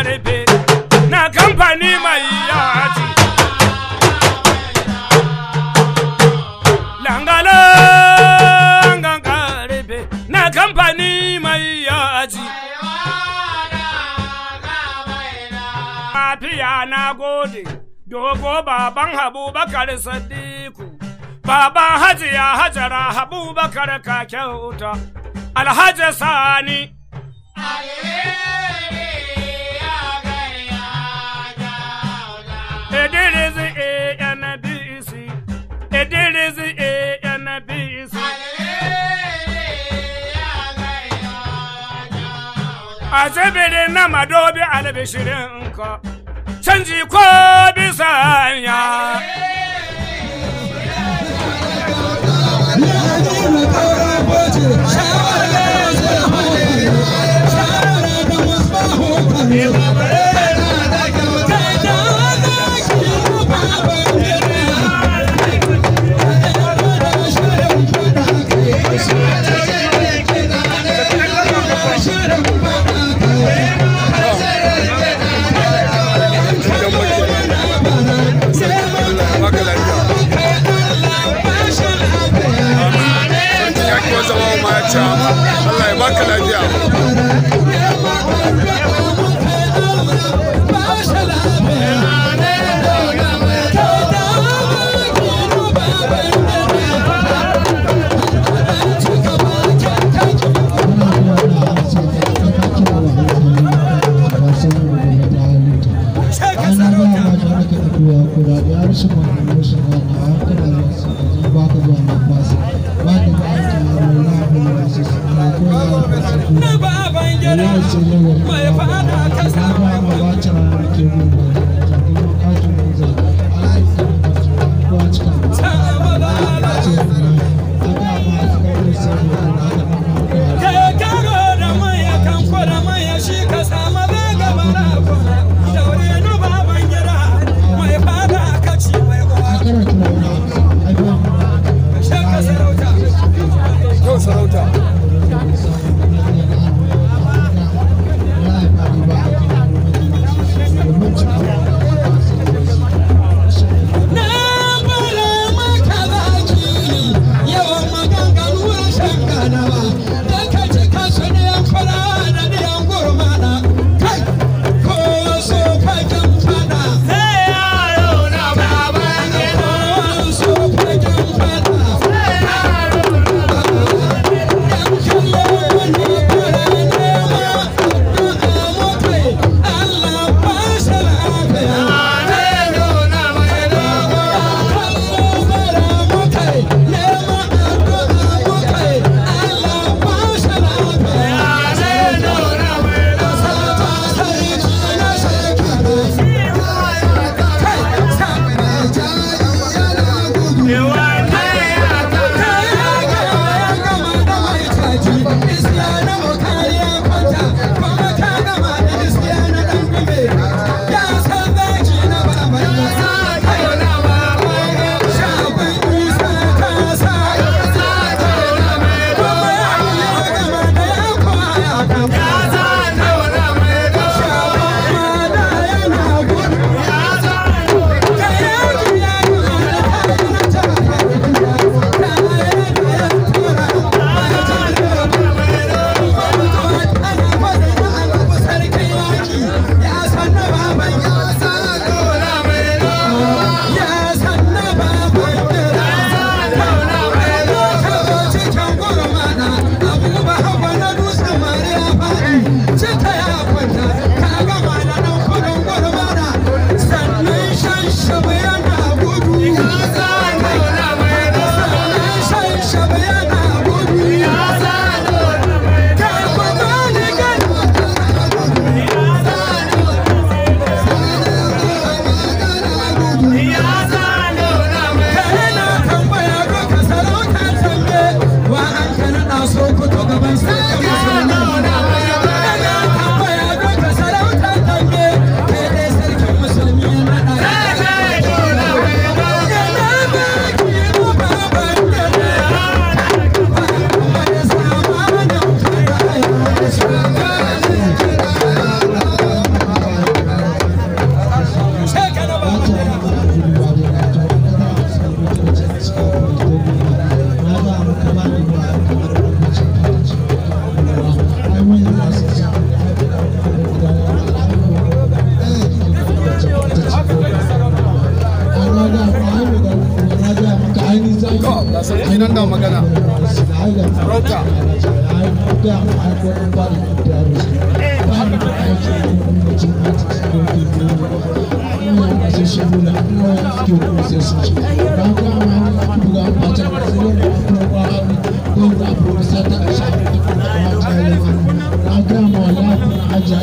a rufe na kamfani mai yaji langalangan ka na kamfani mai yaji lafiya na gode dogo baban habubakar bakar sadiku baban hajiya hajara habubakar bakar ka alhaji sani A NBC A na madobi albishirin ka canji ko bisa ya. Yeah.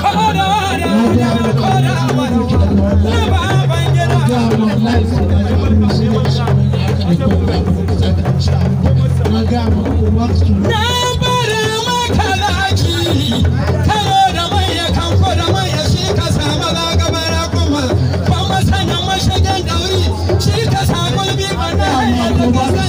Come on,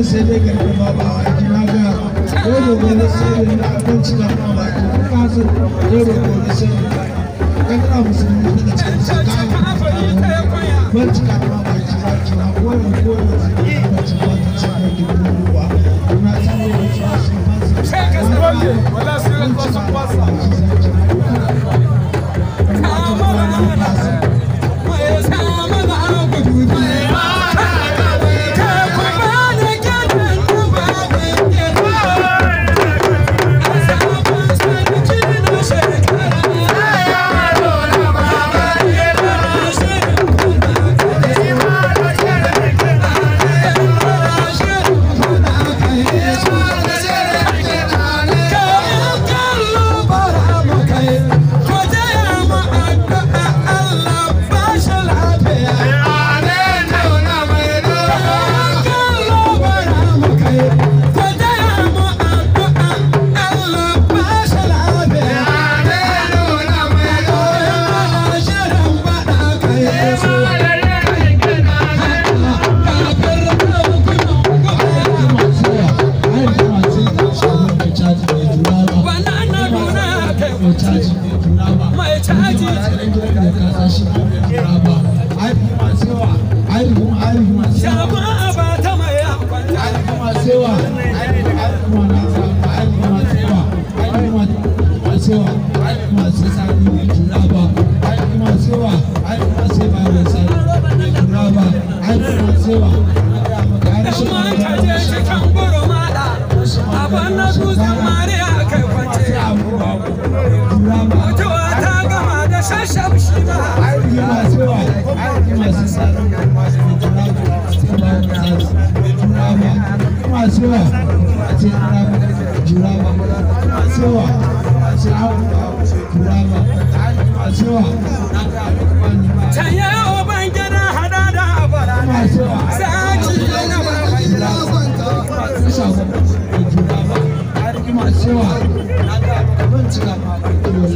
wannan sai dai garbe ba ba a ji na ga ko gobe na sai da na abinci na ba ba ki na Tanya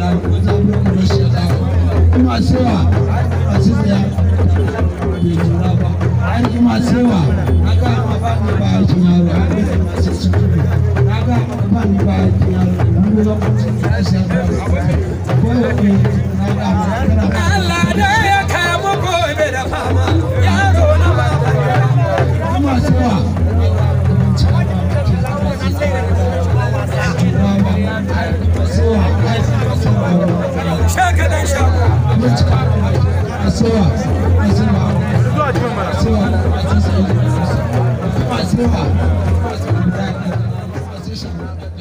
ya da Thank you. sha ka dan sha asewa asewa asewa asewa asewa